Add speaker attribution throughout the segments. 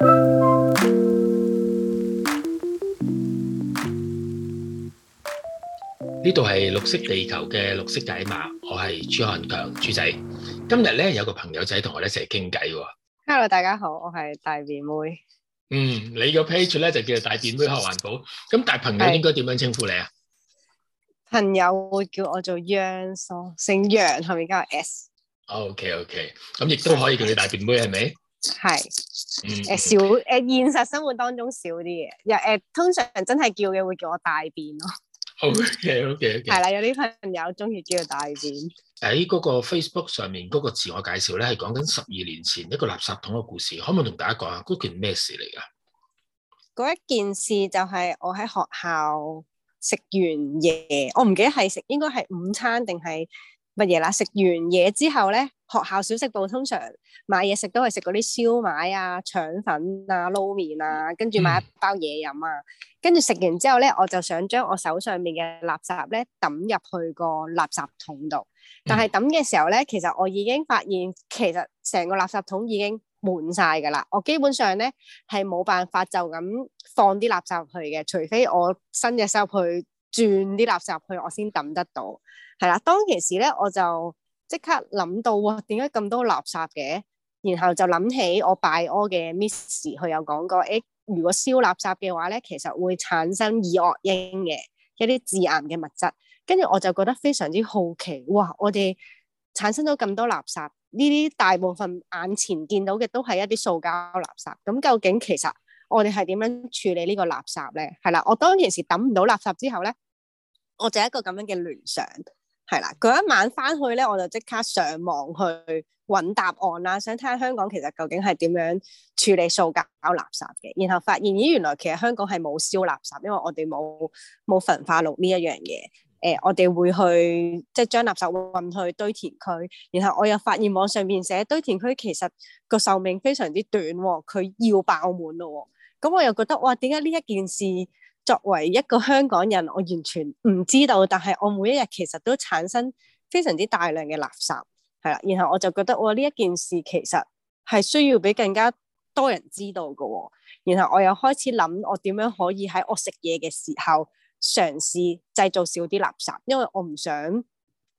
Speaker 1: 呢度係綠惜地球嘅綠色解碼，我係朱漢強豬仔。今日咧有個朋友仔同我哋一齊傾偈。
Speaker 2: Hello，大家好，我係大便妹。
Speaker 1: 嗯，你個 page 咧就叫做大便妹學環保。咁大朋友應該點樣稱呼你啊？
Speaker 2: 朋友會叫我做 Yeungs，姓楊後面加個 S。
Speaker 1: OK OK，咁亦都可以叫你大便妹係咪？
Speaker 2: 係誒少，誒現實生活當中少啲嘢，又誒、呃、通常人真係叫嘅，會叫我大便咯。
Speaker 1: OK OK OK 係啦，
Speaker 2: 有啲朋友中意叫佢大便。
Speaker 1: 喺嗰個 Facebook 上面嗰個自我介紹咧，係講緊十二年前一個垃圾桶嘅故事，可唔可以同大家講下嗰件咩事嚟噶？
Speaker 2: 嗰一件事就係我喺學校食完嘢，我唔記得係食應該係午餐定係乜嘢啦？食完嘢之後咧。學校小食部通常買嘢食都係食嗰啲燒賣啊、腸粉啊、撈麵啊，跟住買一包嘢飲啊，嗯、跟住食完之後咧，我就想將我手上面嘅垃圾盒咧抌入去個垃圾桶度。但係抌嘅時候咧，其實我已經發現其實成個垃圾桶已經滿晒㗎啦。我基本上咧係冇辦法就咁放啲垃圾入去嘅，除非我伸隻手入去轉啲垃圾入去，我先抌得到。係啦，當其時咧我就，即刻諗到喎，點解咁多垃圾嘅？然後就諗起我 Bio 嘅 Miss，佢有講過，誒、欸，如果燒垃圾嘅話咧，其實會產生二惡英嘅一啲致癌嘅物質。跟住我就覺得非常之好奇，哇！我哋產生咗咁多垃圾，呢啲大部分眼前見到嘅都係一啲塑膠垃圾。咁究竟其實我哋係點樣處理呢個垃圾咧？係啦，我當其時抌唔到垃圾之後咧，我就一個咁樣嘅聯想。係啦，嗰一晚翻去咧，我就即刻上網去揾答案啦，想睇下香港其實究竟係點樣處理塑膠垃圾嘅。然後發現咦，原來其實香港係冇燒垃圾，因為我哋冇冇焚化爐呢一樣嘢。誒、呃，我哋會去即係將垃圾運去堆填區。然後我又發現網上面寫堆填區其實個壽命非常之短喎，佢要爆滿咯。咁我又覺得哇，點解呢一件事？作為一個香港人，我完全唔知道，但係我每一日其實都產生非常之大量嘅垃圾，係啦。然後我就覺得，我呢一件事其實係需要俾更加多人知道嘅。哦，然後我又開始諗，我點樣可以喺我食嘢嘅時候嘗試製造少啲垃圾，因為我唔想，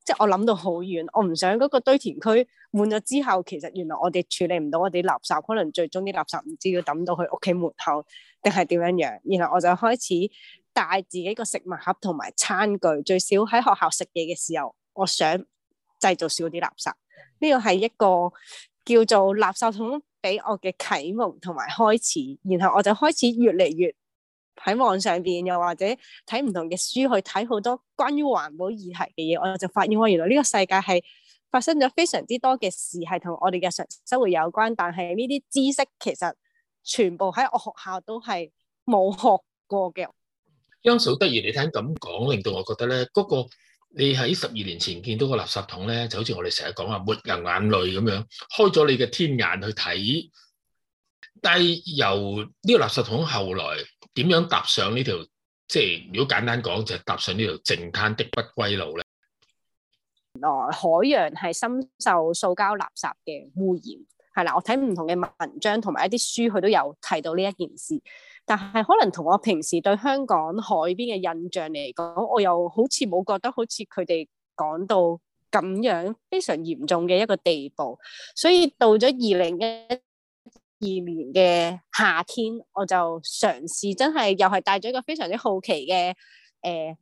Speaker 2: 即係我諗到好遠，我唔想嗰個堆填區滿咗之後，其實原來我哋處理唔到我哋垃圾，可能最終啲垃圾唔知要抌到去屋企門口。定係點樣樣，然後我就開始帶自己個食物盒同埋餐具，最少喺學校食嘢嘅時候，我想製造少啲垃圾。呢個係一個叫做垃圾桶俾我嘅啟蒙同埋開始，然後我就開始越嚟越喺網上邊，又或者睇唔同嘅書去睇好多關於環保議題嘅嘢，我就發現我原來呢個世界係發生咗非常之多嘅事，係同我哋嘅生活有關。但係呢啲知識其實全部喺我學校都係冇學過嘅。
Speaker 1: 因素得意，你聽咁講，令到我覺得咧，嗰個你喺十二年前見到個垃圾桶咧，就好似我哋成日講話抹掉眼淚咁樣，開咗你嘅天眼去睇。但係由呢個垃圾桶後來點樣踏上呢條，即係如果簡單講，就係踏上呢條淨灘的不歸路咧。
Speaker 2: 原來海洋係深受塑膠垃圾嘅污染。係啦，我睇唔同嘅文章同埋一啲書，佢都有提到呢一件事，但係可能同我平時對香港海邊嘅印象嚟講，我又好似冇覺得好似佢哋講到咁樣非常嚴重嘅一個地步，所以到咗二零一二年嘅夏天，我就嘗試真係又係帶咗一個非常之好奇嘅誒，呃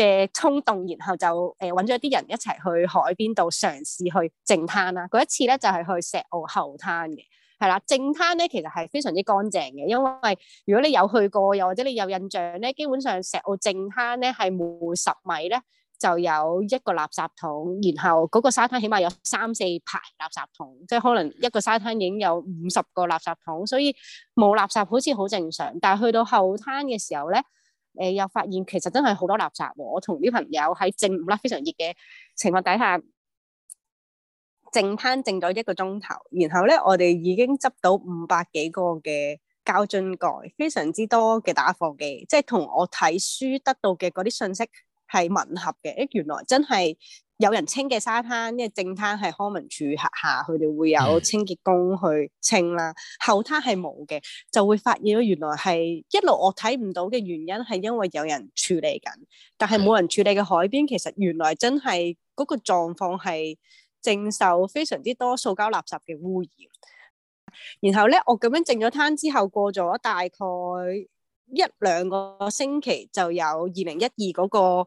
Speaker 2: 嘅衝動，然後就誒搵咗啲人一齊去海邊度嘗試去淨灘啦。嗰一次咧就係、是、去石澳後灘嘅，係啦。淨灘咧其實係非常之乾淨嘅，因為如果你有去過，又或者你有印象咧，基本上石澳淨灘咧係每十米咧就有一個垃圾桶，然後嗰個沙灘起碼有三四排垃圾桶，即係可能一個沙灘已經有五十個垃圾桶，所以冇垃圾好似好正常。但係去到後灘嘅時候咧。誒、呃、又發現其實真係好多垃圾喎！我同啲朋友喺正午啦，非常熱嘅情況底下，淨灘剩咗一個鐘頭，然後咧我哋已經執到五百幾個嘅膠樽蓋，非常之多嘅打火機，即係同我睇書得到嘅嗰啲信息係吻合嘅。原來真係～有人清嘅沙灘，即係正灘係康文署轄下，佢哋會有清潔工去清啦。後灘係冇嘅，就會發現咗原來係一路我睇唔到嘅原因係因為有人處理緊，但係冇人處理嘅海邊其實原來真係嗰個狀況係正受非常之多塑膠垃圾嘅污染。然後咧，我咁樣淨咗灘之後，過咗大概一兩個星期，就有二零一二嗰個。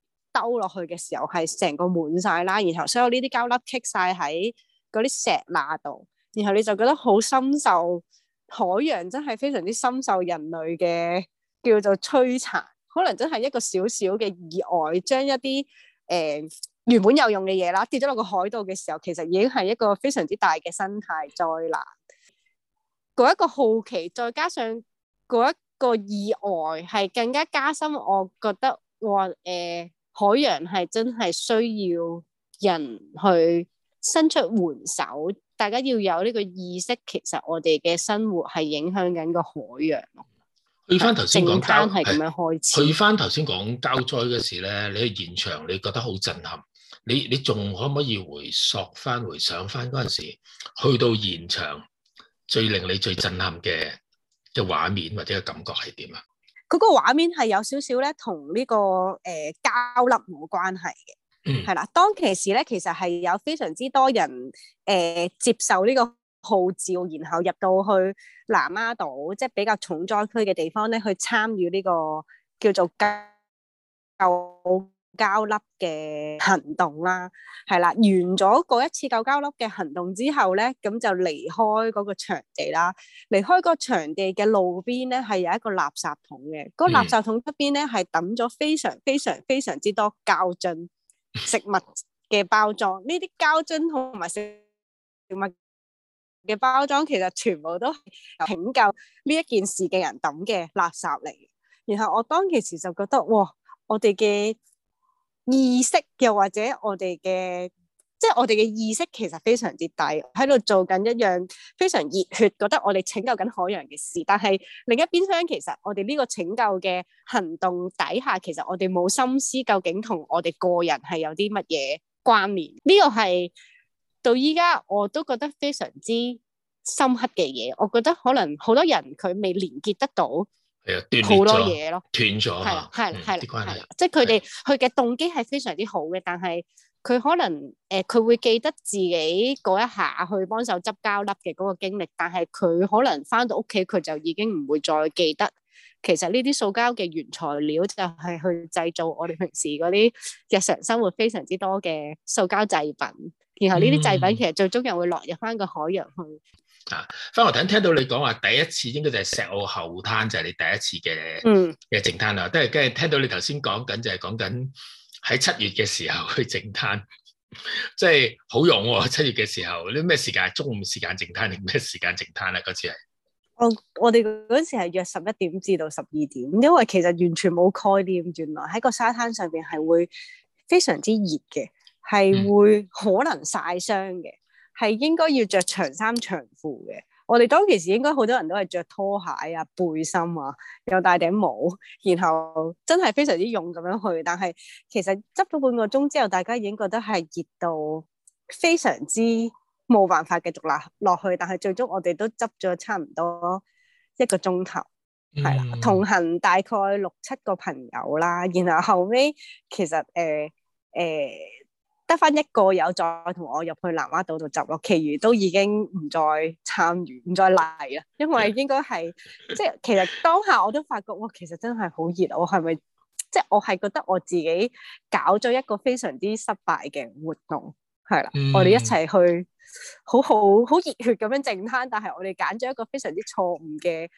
Speaker 2: 兜落去嘅時候係成個滿晒啦，然後所有呢啲膠粒棘晒喺嗰啲石罅度，然後你就覺得好深受海洋真係非常之深受人類嘅叫做摧殘。可能真係一個小小嘅意外，將一啲誒、呃、原本有用嘅嘢啦跌咗落個海度嘅時候，其實已經係一個非常之大嘅生態災難。嗰、這、一個好奇，再加上嗰一個意外，係更加加深我覺得我誒。哇呃海洋係真係需要人去伸出援手，大家要有呢個意識。其實我哋嘅生活係影響緊個海洋。去
Speaker 1: 翻頭先講交係咁樣開始。去翻頭先講交災嘅時咧，你去現場，你覺得好震撼。你你仲可唔可以回溯翻、回想翻嗰陣時，去到現場最令你最震撼嘅即係畫面或者個感覺係點啊？
Speaker 2: 佢個畫面係有少少咧，同呢個誒膠粒冇關係嘅，係啦、嗯。當其時咧，其實係有非常之多人誒、呃、接受呢個號召，然後入到去南丫島，即、就、係、是、比較重災區嘅地方咧，去參與呢、這個叫做救救膠粒嘅行動啦，係啦，完咗嗰一次救膠粒嘅行動之後咧，咁就離開嗰個場地啦。離開個場地嘅路邊咧，係有一個垃圾桶嘅，嗰個垃圾桶側邊咧係抌咗非常非常非常之多膠樽食物嘅包裝。呢啲膠樽同埋食物嘅包裝，其實全部都係拯救呢一件事嘅人抌嘅垃圾嚟。然後我當其時就覺得，哇，我哋嘅意識又或者我哋嘅，即係我哋嘅意識其實非常之低，喺度做緊一樣非常熱血，覺得我哋拯救緊海洋嘅事。但係另一邊廂，其實我哋呢個拯救嘅行動底下，其實我哋冇心思究竟同我哋個人係有啲乜嘢關聯。呢個係到依家我都覺得非常之深刻嘅嘢。我覺得可能好多人佢未連結得到。係
Speaker 1: 啊，斷好多嘢咯，斷咗，係啦，係
Speaker 2: 啦，係啦，即係佢哋佢嘅動機係非常之好嘅，但係佢可能誒佢、呃、會記得自己嗰一下去幫手執膠粒嘅嗰個經歷，但係佢可能翻到屋企佢就已經唔會再記得，其實呢啲塑膠嘅原材料就係去製造我哋平時嗰啲日常生活非常之多嘅塑膠製品，然後呢啲製品其實最終又會落入翻個海洋去。嗯
Speaker 1: 啊，翻學，突然聽到你講話，第一次應該就係石澳後灘，就係、是、你第一次嘅嘅靜灘啦。都係跟住聽到你頭先講緊，就係講緊喺七月嘅時候去靜灘，即係好用、啊、七月嘅時候。你咩時間？中午時間靜灘定咩時間靜灘啊？嗰次係
Speaker 2: 我我哋嗰時係約十一點至到十二點，因為其實完全冇概念，原來喺個沙灘上邊係會非常之熱嘅，係會可能曬傷嘅。嗯係應該要着長衫長褲嘅，我哋當其時應該好多人都係着拖鞋啊、背心啊，又戴頂帽，然後，然後真係非常之勇咁樣去。但係其實執咗半個鐘之後，大家已經覺得係熱到非常之冇辦法繼續行落去。但係最終我哋都執咗差唔多一個鐘頭，係啦，嗯、同行大概六七個朋友啦。然後後尾其實誒誒。呃呃得翻一個有再同我入去南丫島度集落，其餘都已經唔再參與，唔再嚟啦。因為應該係 即係其實當下我都發覺，我其實真係好熱。我係咪即係我係覺得我自己搞咗一個非常之失敗嘅活動？係啦，嗯、我哋一齊去好好好熱血咁樣淨灘，但係我哋揀咗一個非常之錯誤嘅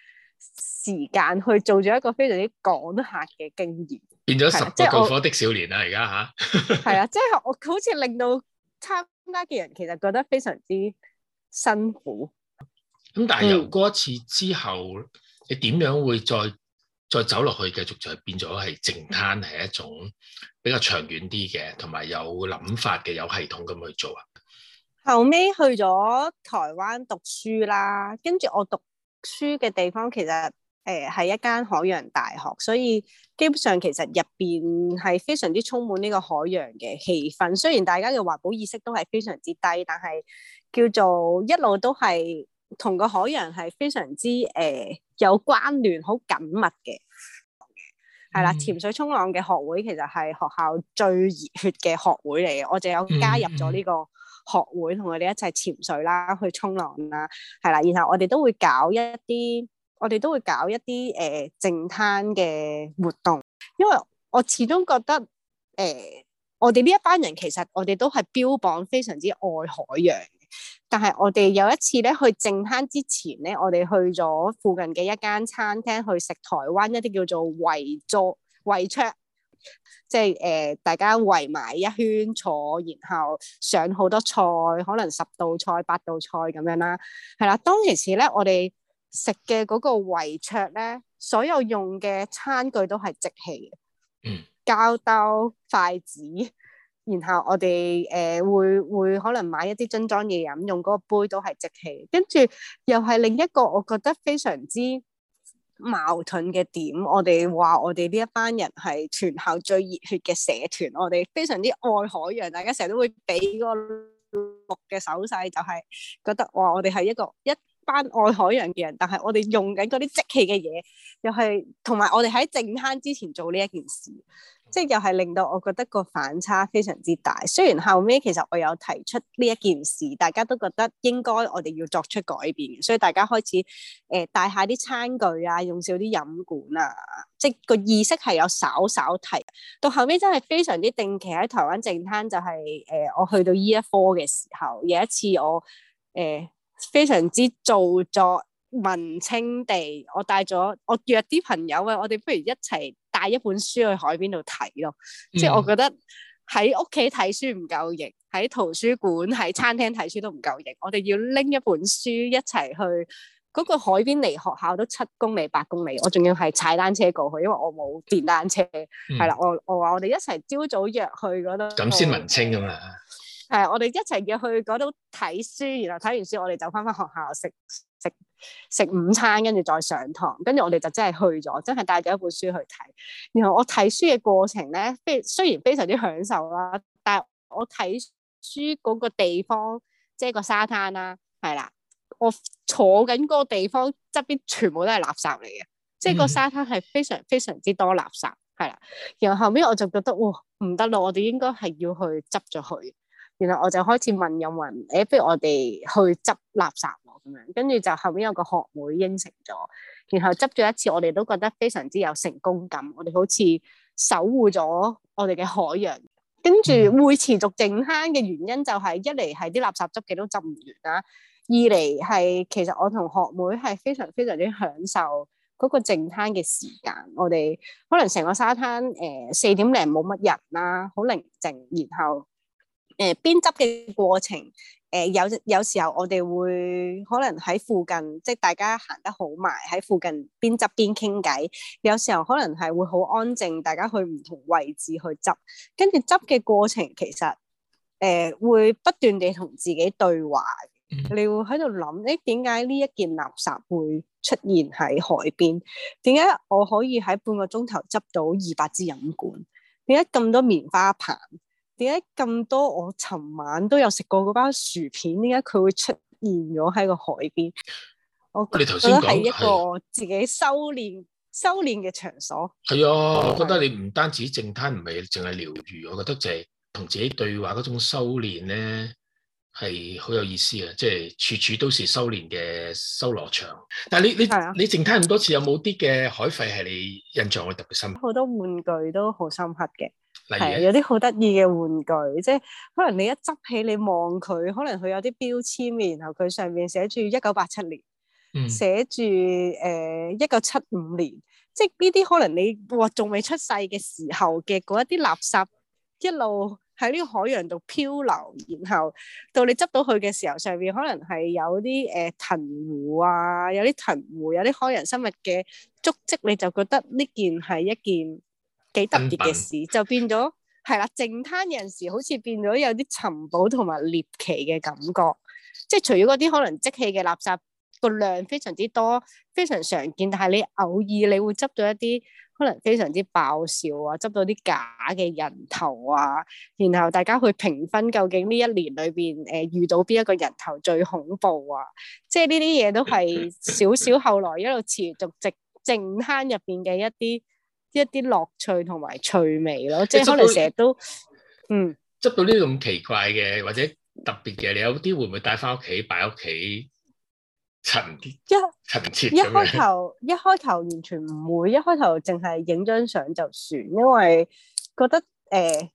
Speaker 2: 時間去做咗一個非常之趕客嘅經驗。變咗十個救火的
Speaker 1: 少年啦，而家吓，
Speaker 2: 係啊，即係、就是、我好似令到參加嘅人其實覺得非常之辛苦。
Speaker 1: 咁但係由嗰一次之後，嗯、你點樣會再再走落去，繼續就係變咗係淨灘，係一種比較長遠啲嘅，同埋有諗法嘅，有系統咁去做啊。
Speaker 2: 後尾去咗台灣讀書啦，跟住我讀書嘅地方其實。誒，係一間海洋大學，所以基本上其實入邊係非常之充滿呢個海洋嘅氣氛。雖然大家嘅環保意識都係非常之低，但係叫做一路都係同個海洋係非常之誒、呃、有關聯，好緊密嘅。係啦，嗯、潛水沖浪嘅學會其實係學校最熱血嘅學會嚟嘅。我就有加入咗呢個學會，同佢哋一齊潛水啦，去沖浪啦，係啦。然後我哋都會搞一啲。我哋都會搞一啲誒淨灘嘅活動，因為我始終覺得誒、呃，我哋呢一班人其實我哋都係標榜非常之愛海洋。但係我哋有一次咧去淨灘之前咧，我哋去咗附近嘅一間餐廳去食台灣一啲叫做圍坐圍桌，即係誒、呃、大家圍埋一圈坐，然後上好多菜，可能十道菜八道菜咁樣啦。係啦，當其時咧我哋。食嘅嗰個圍桌咧，所有用嘅餐具都係即棄嘅，膠兜、嗯、筷子，然後我哋誒、呃、會會可能買一啲樽裝嘢飲，用嗰個杯都係即棄。跟住又係另一個我覺得非常之矛盾嘅點，我哋話我哋呢一班人係全校最熱血嘅社團，我哋非常之愛海洋，大家成日都會俾嗰個六嘅手勢，就係覺得哇，我哋係一個一。班愛海洋嘅人，但係我哋用緊嗰啲即棄嘅嘢，又係同埋我哋喺淨灘之前做呢一件事，即係又係令到我覺得個反差非常之大。雖然後尾其實我有提出呢一件事，大家都覺得應該我哋要作出改變，所以大家開始誒帶、呃、下啲餐具啊，用少啲飲管啊，即係個意識係有稍稍提到後尾真係非常之定期喺台灣淨灘就係、是、誒、呃、我去到依一刻嘅時候，有一次我誒。呃非常之做作文青地，我帶咗我約啲朋友啊，我哋不如一齊帶一本書去海邊度睇咯。嗯、即係我覺得喺屋企睇書唔夠型，喺圖書館、喺餐廳睇書都唔夠型。我哋要拎一本書一齊去嗰、嗰個海邊，離學校都七公里、八公里。我仲要係踩單車過去，因為我冇電單車。係啦、嗯，我我話我哋一齊朝早約去嗰度，咁先、嗯、文青啊嘛～係，我哋一齊要去嗰度睇書，然後睇完書，我哋就翻翻學校食食食午餐，跟住再上堂。跟住我哋就真係去咗，真係帶咗一本書去睇。然後我睇書嘅過程咧，非雖然非常之享受啦，但係我睇書嗰個地方即係個沙灘啦，係啦，我坐緊嗰個地方側邊全部都係垃圾嚟嘅，即係個沙灘係非常非常之多垃圾，係啦。然后後尾我就覺得，唔得咯，我哋應該係要去執咗佢。然後我就開始問有冇人，誒、哎，不如我哋去執垃圾咯，咁樣。跟住就後面有個學妹應承咗，然後執咗一次，我哋都覺得非常之有成功感。我哋好似守護咗我哋嘅海洋。跟住會持續淨灘嘅原因就係、是、一嚟係啲垃圾執極都執唔完啦，二嚟係其實我同學妹係非常非常之享受嗰個淨灘嘅時間。我哋可能成個沙灘誒四點零冇乜人啦，好寧靜，然後。誒，邊執嘅過程，誒、呃、有有時候我哋會可能喺附近，即係大家行得好埋喺附近邊執邊傾偈。有時候可能係會好安靜，大家去唔同位置去執，跟住執嘅過程其實誒、呃、會不斷地同自己對話，你會喺度諗，誒，點解呢一件垃圾會出現喺海邊？點解我可以喺半個鐘頭執到二百支飲管？點解咁多棉花棒？點解咁多？我尋晚都有食過嗰包薯片，點解佢會出現咗喺個海邊？我你頭先講係一個自己修煉、修煉嘅場所。
Speaker 1: 係啊，我、啊、覺得你唔單止靜灘唔係淨係療愈，我覺得就係同自己對話嗰種修煉咧，係好有意思啊！即、就、係、是、處處都是修煉嘅修羅場。但係你你、啊、你靜灘咁多次，有冇啲嘅海廢係你印象會特
Speaker 2: 別深刻？好多玩具都好深刻嘅。係，有啲好得意嘅玩具，即係可能你一執起，你望佢，可能佢有啲標籤，然後佢上面寫住一九八七年，嗯、寫住誒一九七五年，即係呢啲可能你哇仲未出世嘅時候嘅嗰一啲垃圾，一路喺呢個海洋度漂流，然後到你執到佢嘅時候，上面可能係有啲誒、呃、藤壺啊，有啲藤壺，有啲海洋生物嘅足跡，你就覺得呢件係一件。幾特別嘅事，品就變咗係啦，淨灘人士好似變咗有啲尋寶同埋獵奇嘅感覺，即係除咗嗰啲可能積氣嘅垃圾個量非常之多，非常常見，但係你偶爾你會執到一啲可能非常之爆笑啊，執到啲假嘅人頭啊，然後大家去評分究竟呢一年裏邊誒遇到邊一個人頭最恐怖啊，即係呢啲嘢都係少少後來一路持續直淨灘入邊嘅一啲。一啲樂趣同埋趣味咯，即係可能成日都，到嗯，執到呢啲咁
Speaker 1: 奇怪嘅或者特別嘅，你有啲會唔會帶翻屋企擺喺屋企
Speaker 2: 陳一陳設？節一開頭 一開頭完全唔會，一開頭淨係影張相就算。因為覺得誒、呃、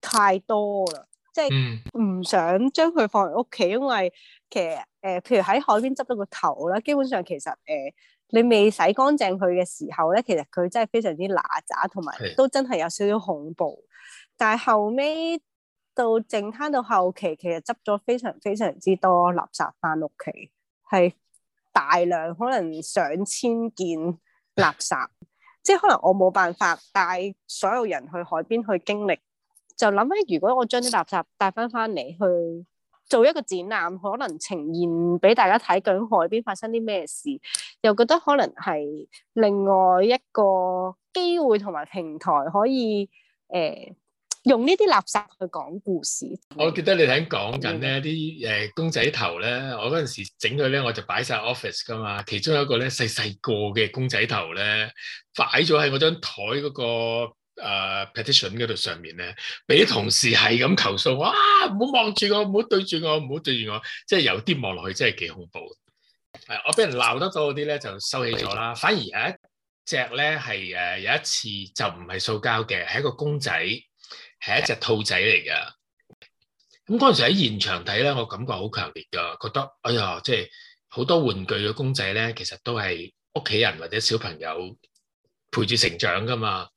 Speaker 2: 太多啦，即係唔想將佢放喺屋企，嗯、因為其實誒、呃，譬如喺海邊執到個頭啦，基本上其實誒。呃你未洗乾淨佢嘅時候咧，其實佢真係非常之嗱喳，同埋都真係有少少恐怖。的但係後尾到淨灘到後期，其實執咗非常非常之多垃圾返屋企，係大量可能上千件垃圾，的即係可能我冇辦法帶所有人去海邊去經歷，就諗起如果我將啲垃圾帶返返嚟去，做一個展覽，可能呈現俾大家睇緊海邊發生啲咩事，又覺得可能係另外一個機會同埋平台，可以誒、呃、用呢啲垃圾去講故事。
Speaker 1: 我記得你喺講緊咧啲誒公仔頭咧，我嗰陣時整佢咧，我就擺晒 office 㗎嘛，其中有一個咧，細細個嘅公仔頭咧，擺咗喺我張台嗰個。誒、uh, petition 嗰度上面咧，俾啲同事係咁投訴，啊，唔好望住我，唔好對住我，唔好對住我，即係有啲望落去，真係幾恐怖。係我俾人鬧得到嗰啲咧，就收起咗啦。了反而有一隻咧係誒有一次就唔係塑膠嘅，係一個公仔，係一隻兔仔嚟㗎。咁嗰陣時喺現場睇咧，我感覺好強烈㗎，覺得哎呀，即係好多玩具嘅公仔咧，其實都係屋企人或者小朋友陪住成長㗎嘛。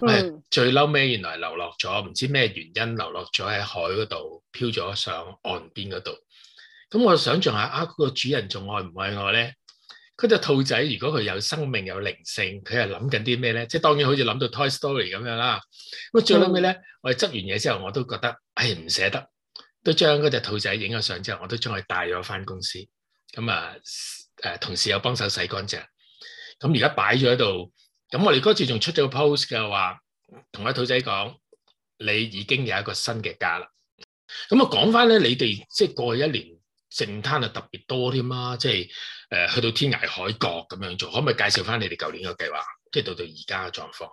Speaker 1: 嗯、最嬲咩？原來流落咗，唔知咩原因流落咗喺海嗰度，漂咗上岸邊嗰度。咁我想象下，啊、個主人仲愛唔愛我咧？嗰、那、隻、個、兔仔，如果佢有生命有靈性，佢係諗緊啲咩咧？即係當然好似諗到 Toy Story 咁樣啦。咁最嬲尾咧，嗯、我哋執完嘢之後，我都覺得，唉、哎、唔捨得，都將嗰隻兔仔影咗相之後，我都將佢帶咗翻公司。咁啊，誒、啊、同事又幫手洗乾淨。咁而家擺咗喺度。咁我哋嗰次仲出咗個 post 嘅話，同阿兔仔講，你已經有一個新嘅家啦。咁啊，講翻咧，你哋即係過去一年淨灘啊，就特別多添啦，即係誒、呃、去到天涯海角咁樣做，可唔可以介紹翻你哋舊年嘅計劃？即係到到而家嘅狀況。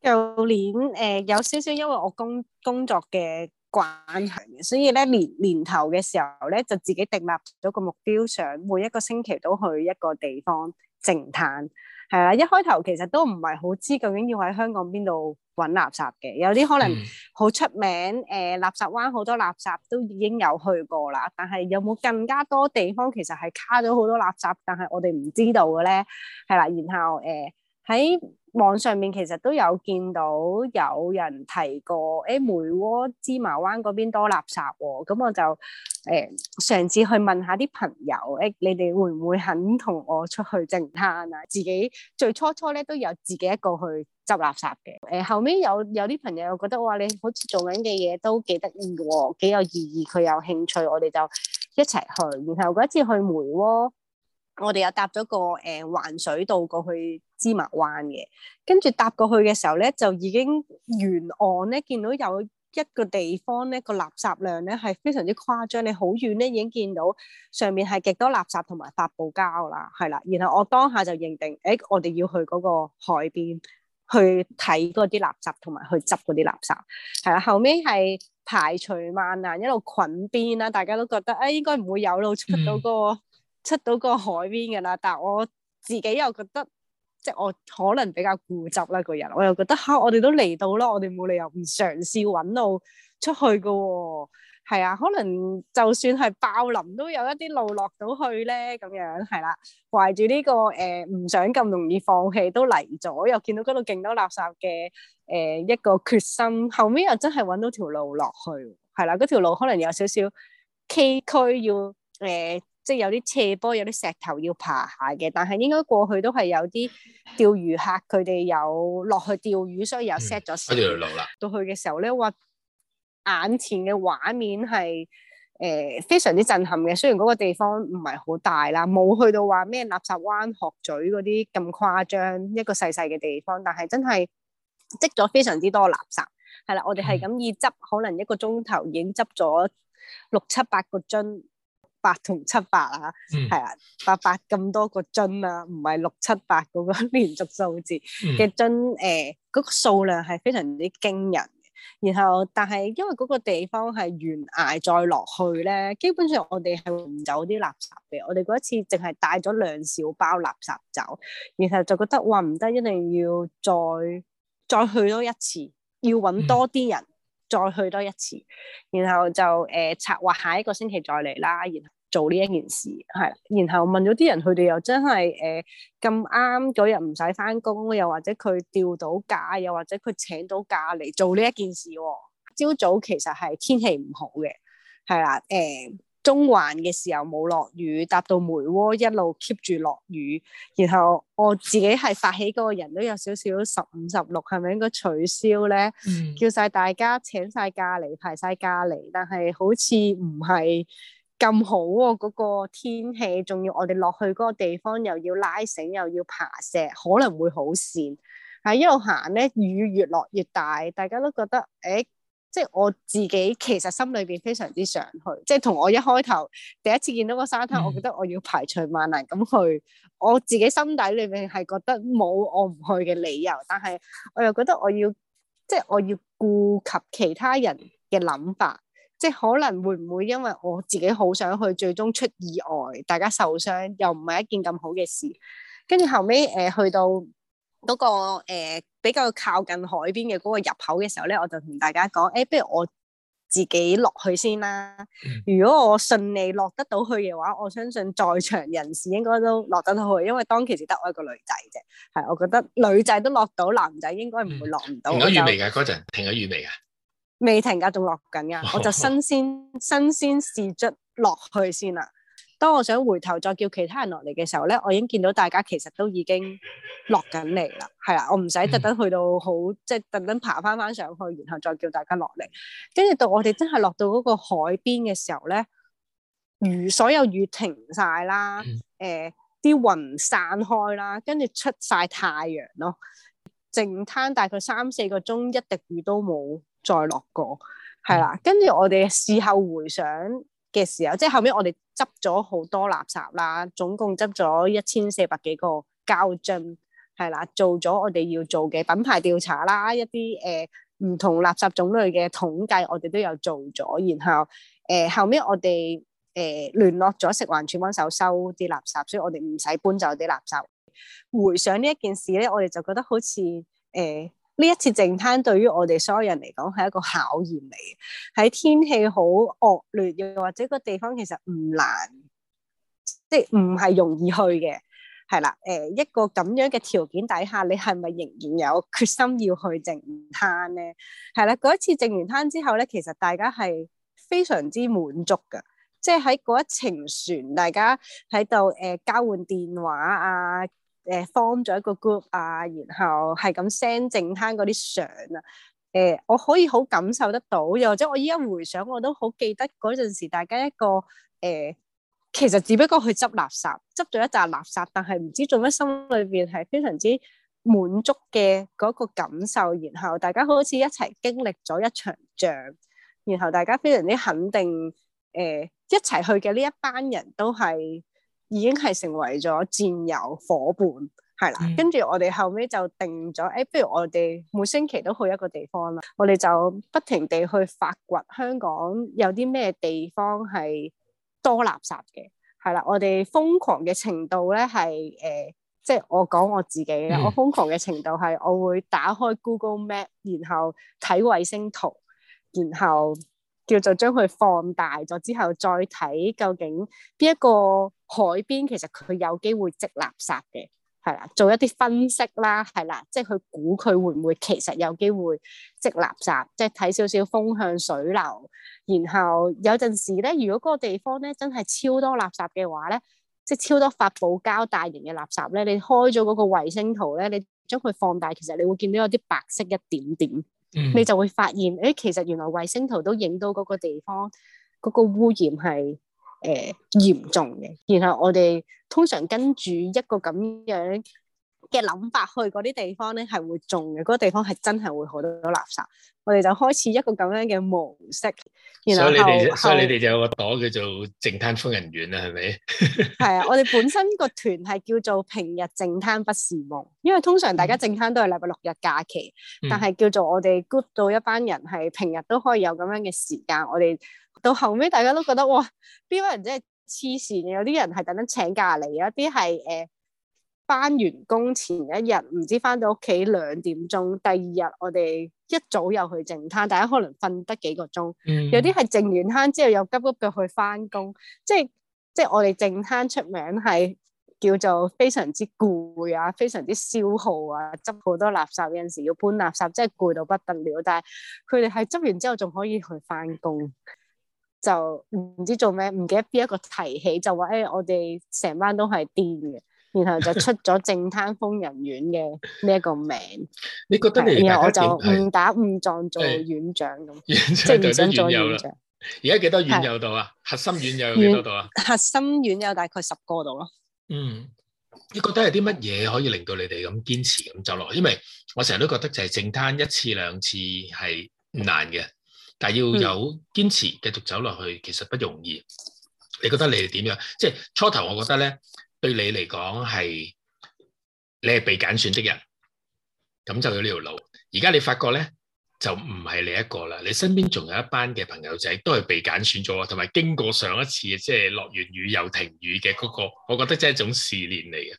Speaker 2: 舊年誒、呃、有少少，因為我工工作嘅關係，所以咧年年頭嘅時候咧，就自己訂立咗個目標，想每一個星期都去一個地方淨灘。係啦，一開頭其實都唔係好知究竟要喺香港邊度揾垃圾嘅，有啲可能好出名，誒、嗯呃、垃圾灣好多垃圾都已經有去過啦，但係有冇更加多地方其實係卡咗好多垃圾，但係我哋唔知道嘅咧，係啦，然後誒喺。呃網上面其實都有見到有人提過，誒、哎、梅窩芝麻灣嗰邊多垃圾喎、哦，咁、嗯、我就誒上次去問下啲朋友，誒、呃、你哋會唔會肯同我出去淨灘啊？自己最初初咧都有自己一個去執垃圾嘅，誒、呃、後尾有有啲朋友覺得哇，你好似做緊嘅嘢都幾得意喎，幾有意義，佢有興趣，我哋就一齊去。然後嗰一次去梅窩。我哋又搭咗個誒、呃、環水道過去芝麻灣嘅，跟住搭過去嘅時候咧，就已經沿岸咧見到有一個地方咧，個垃圾量咧係非常之誇張，你好遠咧已經見到上面係極多垃圾同埋發泡膠啦，係啦。然後我當下就認定，誒、哎、我哋要去嗰個海邊去睇嗰啲垃圾同埋去執嗰啲垃圾，係啦。後尾係排除萬難一路捆邊啦，大家都覺得誒、哎、應該唔會有路出到嗰個。嗯出到個海邊嘅啦，但係我自己又覺得，即係我可能比較固執啦個人，我又覺得嚇、啊，我哋都嚟到啦，我哋冇理由唔嘗試揾路出去嘅喎、哦。係啊，可能就算係爆林都有一啲路落到去咧，咁樣係啦、啊。懷住呢、這個誒唔、呃、想咁容易放棄都嚟咗，又見到嗰度勁多垃圾嘅誒、呃、一個決心，後尾又真係揾到條路落去，係啦、啊，嗰條路可能有少少崎嶇要誒。呃即係有啲斜坡，有啲石頭要爬下嘅，但係應該過去都係有啲釣魚客佢哋有落去釣魚，所以有 set 咗石。一條路啦、嗯。去到去嘅時候咧，我眼前嘅畫面係誒、呃、非常之震撼嘅。雖然嗰個地方唔係好大啦，冇去到話咩垃圾灣、鶴咀嗰啲咁誇張，一個細細嘅地方，但係真係積咗非常之多垃圾。係啦，我哋係咁意執，嗯、可能一個鐘頭已經執咗六七八個樽。八同七八啊，係啊、嗯，八八咁多個樽啊，唔係六七八嗰個連續數字嘅樽誒，嗯呃嗰個數量係非常之驚人嘅。然後但係因為嗰個地方係懸崖，再落去咧，基本上我哋係唔走啲垃圾嘅。我哋嗰一次淨係帶咗兩小包垃圾走，然後就覺得話唔得，一定要再再去多一次，要揾多啲人。嗯再去多一次，然後就誒、呃、策劃下一個星期再嚟啦，然後做呢一件事係，然後問咗啲人，佢哋又真係誒咁啱嗰日唔使返工，又或者佢調到假，又或者佢請到假嚟做呢一件事，哦。朝早其實係天氣唔好嘅，係啦誒。呃中環嘅時候冇落雨，搭到梅窩一路 keep 住落雨，然後我自己係發起嗰個人都有少少十五十六，係咪應該取消咧？嗯、叫晒大家請晒假嚟排晒假嚟，但係好似唔係咁好喎、啊，嗰、嗰個天氣，仲要我哋落去嗰個地方又要拉繩又要爬石，可能會好跣。喺一路行咧，雨越落越大，大家都覺得誒。欸即係我自己，其實心裏邊非常之想去。即係同我一開頭第一次見到個沙灘，我覺得我要排除萬難咁去。我自己心底裏面係覺得冇我唔去嘅理由，但係我又覺得我要，即係我要顧及其他人嘅諗法。即係可能會唔會因為我自己好想去，最終出意外，大家受傷又唔係一件咁好嘅事。跟住後尾誒、呃，去到。嗰、那個誒、呃、比較靠近海邊嘅嗰個入口嘅時候咧，我就同大家講，誒、欸，不如我自己落去先啦。嗯、如果我順利落得到去嘅話，我相信在場人士應該都落得到去，因為當其時得我一個女仔啫。係，我覺得女仔都落到男仔，應該唔會落唔到。嗯、就停咗雨未
Speaker 1: 㗎嗰陣，停咗雨未
Speaker 2: 㗎未停噶？仲落緊噶，我就新鮮 新鮮試咗落去先啦。當我想回頭再叫其他人落嚟嘅時候咧，我已經見到大家其實都已經落緊嚟啦，係啦，我唔使特登去到好，即係特登爬返返上去，然後再叫大家落嚟。跟住到我哋真係落到嗰個海邊嘅時候咧，如所有雨停晒啦，誒、呃、啲雲散開啦，跟住出晒太陽咯，淨灘大概三四個鐘，一滴雨都冇再落過，係啦。跟住我哋事後回想嘅時候，即係後面我哋。執咗好多垃圾啦，總共執咗一千四百幾個膠樽，係啦，做咗我哋要做嘅品牌調查啦，一啲誒唔同垃圾種類嘅統計，我哋都有做咗。然後誒、呃、後尾我哋誒、呃、聯絡咗食環署幫手收啲垃圾，所以我哋唔使搬走啲垃圾。回想呢一件事咧，我哋就覺得好似誒。呃呢一次淨灘對於我哋所有人嚟講係一個考驗嚟嘅，喺天氣好惡劣又或者個地方其實唔難，即係唔係容易去嘅，係啦，誒、呃、一個咁樣嘅條件底下，你係咪仍然有決心要去淨灘咧？係啦，嗰一次淨完灘之後咧，其實大家係非常之滿足嘅，即係喺嗰一程船，大家喺度誒交換電話啊。誒 form 咗一個 group 啊，然後係咁 send 淨灘嗰啲相啊，誒我可以好感受得到，又或者我依家回想我都好記得嗰陣時，大家一個誒其實只不過去執垃圾，執咗一紮垃圾，但係唔知做乜心裏邊係非常之滿足嘅嗰個感受，然後大家好似一齊經歷咗一場仗，然後大家非常之肯定誒一齊去嘅呢一班人都係。已經係成為咗戰友伙伴，係啦。嗯、跟住我哋後尾就定咗，誒、哎，不如我哋每星期都去一個地方啦。我哋就不停地去發掘香港有啲咩地方係多垃圾嘅，係啦。我哋瘋狂嘅程度咧係誒，即係我講我自己啦。嗯、我瘋狂嘅程度係我會打開 Google Map，然後睇衛星圖，然後。叫做將佢放大咗之後，再睇究竟邊一個海邊其實佢有機會積垃圾嘅，係啦，做一啲分析啦，係啦，即係去估佢會唔會其實有機會積垃圾，即係睇少少風向、水流，然後有陣時咧，如果嗰個地方咧真係超多垃圾嘅話咧，即係超多發泡膠、大型嘅垃圾咧，你開咗嗰個衛星圖咧，你將佢放大，其實你會見到有啲白色一點點。你就會發現，誒，其實原來衛星圖都影到嗰個地方嗰個污染係誒嚴重嘅，然後我哋通常跟住一個咁樣嘅諗法去嗰啲地方咧，係會種嘅。嗰個地方係真係會好多垃圾。我哋就開始一個咁樣嘅模式，然後你哋，所以你哋
Speaker 1: 就後有個朵叫做靜灘瘋人院啦，係咪？
Speaker 2: 係 啊，我哋本身個團係叫做平日靜灘不是夢，因為通常大家靜灘都係禮拜六日假期，嗯、但係叫做我哋 good 到一班人係平日都可以有咁樣嘅時間。我哋到後尾大家都覺得哇，邊個人真係黐線嘅，有啲人係特登請假嚟，有一啲係誒。呃翻完工前一日，唔知翻到屋企兩點鐘。第二日我哋一早又去淨灘，大家可能瞓得幾個鐘。嗯、有啲係淨完灘之後又急急腳去翻工，即係即係我哋淨灘出名係叫做非常之攰啊，非常之消耗啊，執好多垃圾有陣時要搬垃圾，即係攰到不得了。但係佢哋係執完之後仲可以去翻工，就唔知做咩，唔記得邊一個提起就話誒、哎，我哋成班都係癲嘅。 然後就出咗正癱瘋人院嘅呢一個名， 你覺得你家 後我就誤打誤撞做院長咁，
Speaker 1: 院即係想再有啦。而家幾多院有度啊？核心院有幾多度啊？
Speaker 2: 核心院有大概十個度咯。
Speaker 1: 嗯，你覺得係啲乜嘢可以令到你哋咁堅持咁走落去？因為我成日都覺得就係正癱一次兩次係難嘅，但係要有堅持繼續走落去，其實不容易。嗯、你覺得你哋點樣？即係初頭，我覺得咧。對你嚟講係，你係被揀選的人，咁就有呢條路。而家你發覺咧，就唔係你一個啦。你身邊仲有一班嘅朋友仔都係被揀選咗，同埋經過上一次即係落完雨又停雨嘅嗰、那個，我覺得即係一種試煉嚟嘅。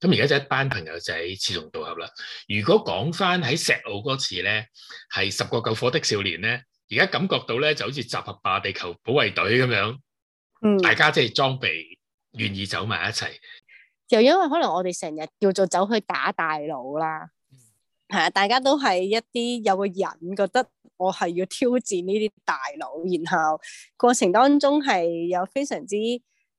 Speaker 1: 咁而家就一班朋友仔志同道合啦。如果講翻喺石澳嗰次咧，係十個救火的少年咧，而家感覺到咧就好似集合吧地球保衛隊咁樣，嗯、大家即係裝備。願意走埋一齊，
Speaker 2: 又因為可能我哋成日叫做走去打大佬啦，係啊、嗯，大家都係一啲有個人覺得我係要挑戰呢啲大佬，然後過程當中係有非常之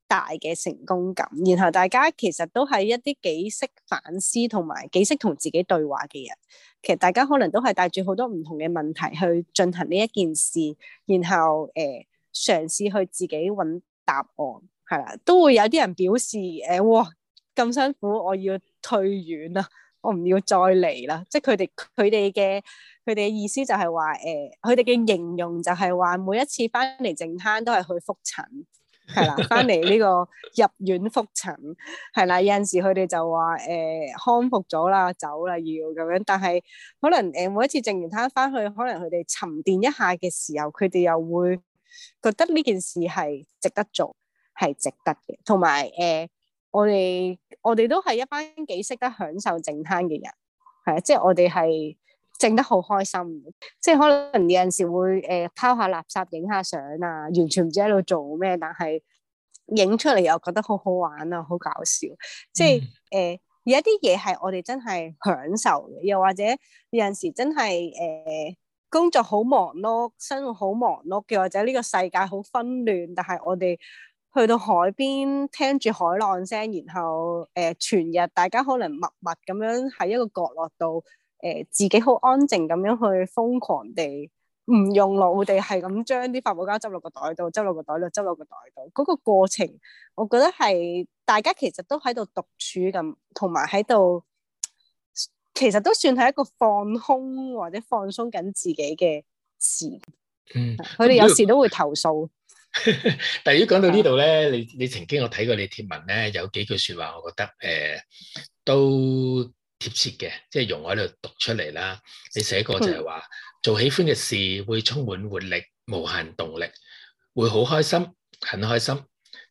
Speaker 2: 大嘅成功感，然後大家其實都係一啲幾識反思同埋幾識同自己對話嘅人，其實大家可能都係帶住好多唔同嘅問題去進行呢一件事，然後誒嘗試去自己揾答案。係啦，都會有啲人表示誒、欸，哇咁辛苦，我要退院啦，我唔要再嚟啦。即係佢哋佢哋嘅佢哋嘅意思就係話誒，佢哋嘅形容就係話，每一次返嚟淨灘都係去覆診，係啦，返嚟呢個入院覆診，係啦。有陣時佢哋就話誒、欸、康復咗啦，走啦要咁樣，但係可能誒每一次淨完灘返去，可能佢哋沉澱一下嘅時候，佢哋又會覺得呢件事係值得做。係值得嘅，同埋誒，我哋我哋都係一班幾識得享受淨灘嘅人，係啊，即係我哋係淨得好開心，即係可能有陣時會誒拋、呃、下垃圾、影下相啊，完全唔知喺度做咩，但係影出嚟又覺得好好玩啊，好搞笑，即係誒、呃、有一啲嘢係我哋真係享受嘅，又或者有陣時真係誒、呃、工作好忙碌、生活好忙碌，又或者呢個世界好紛亂，但係我哋，去到海邊聽住海浪聲，然後誒、呃、全日大家可能默默咁樣喺一個角落度誒、呃、自己好安靜咁樣去瘋狂地唔用腦地係咁將啲發泡膠執落個袋度，執落個袋度，執落個袋度。嗰、那個過程，我覺得係大家其實都喺度獨處咁，同埋喺度其實都算係一個放空或者放鬆緊自己嘅事。嗯，佢哋有時都會投訴。
Speaker 1: 但係如果講到呢度咧，你你曾經我睇過你貼文咧，有幾句說話，我覺得誒都貼切嘅，即係容我喺度讀出嚟啦。你寫過就係話做喜歡嘅事會充滿活力、無限動力，會好開心、很開心。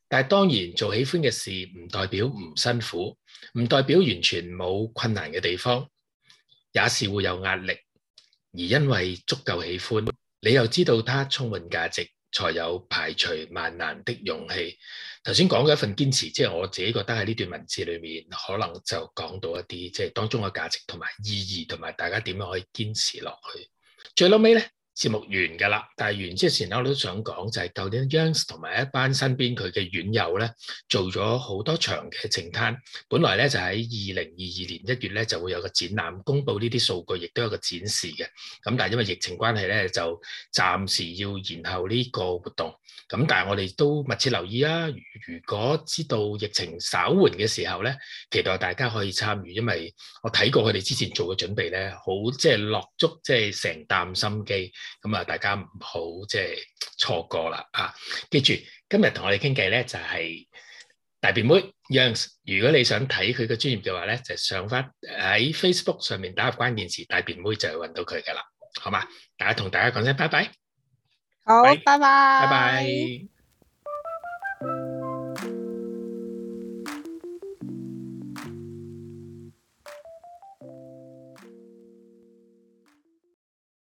Speaker 1: 但係當然做喜歡嘅事唔代表唔辛苦，唔代表完全冇困難嘅地方，也是會有壓力。而因為足夠喜歡，你又知道它充滿價值才有排除萬難的勇氣。頭先講嘅一份堅持，即係我自己覺得喺呢段文字裏面，可能就講到一啲即係當中嘅價值同埋意義，同埋大家點樣可以堅持落去。最後尾咧，節目完㗎啦，但係完之前咧、就是，我都想講就係舊年 Yeungs 同埋一班身邊佢嘅院友咧，做咗好多場嘅淨灘。本來咧就喺二零二二年一月咧就會有個展覽，公布呢啲數據，亦都有個展示嘅。咁但係因為疫情關係咧，就暫時要延後呢個活動。咁但係我哋都密切留意啦、啊。如果知道疫情稍緩嘅時候咧，期待大家可以參與，因為我睇過佢哋之前做嘅準備咧，好即係、就是、落足即係成擔心機。咁啊，大家唔好即係錯過啦啊！記住，今日同我哋傾偈咧就係大便妹 Yeungs，如果你想睇佢嘅專頁嘅話咧，就上翻喺 Facebook 上面打入關鍵詞大便妹就會揾到佢嘅啦，好嘛？大家同大家講聲拜拜，
Speaker 2: 好拜拜，拜拜。